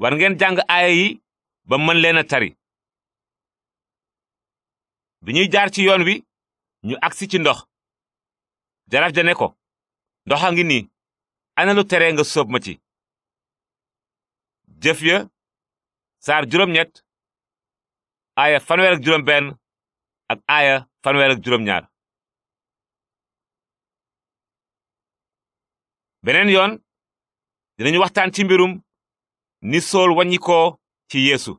war ngeen jàng aaya yi ba mën leen a tari bi ñuy jaar ci yoon wi ñu agsi ci ndox jaraf ja ne ko ndox a ngi nii ana lu tere nga sóob ma ci jëf ya saar juróom ñett aaya fanweer ak juróom benn ak aaya fanweer juróom ñaar beneen yoon dinañu waxtaan ci mbirum ni sool wàññi ko ci yéesu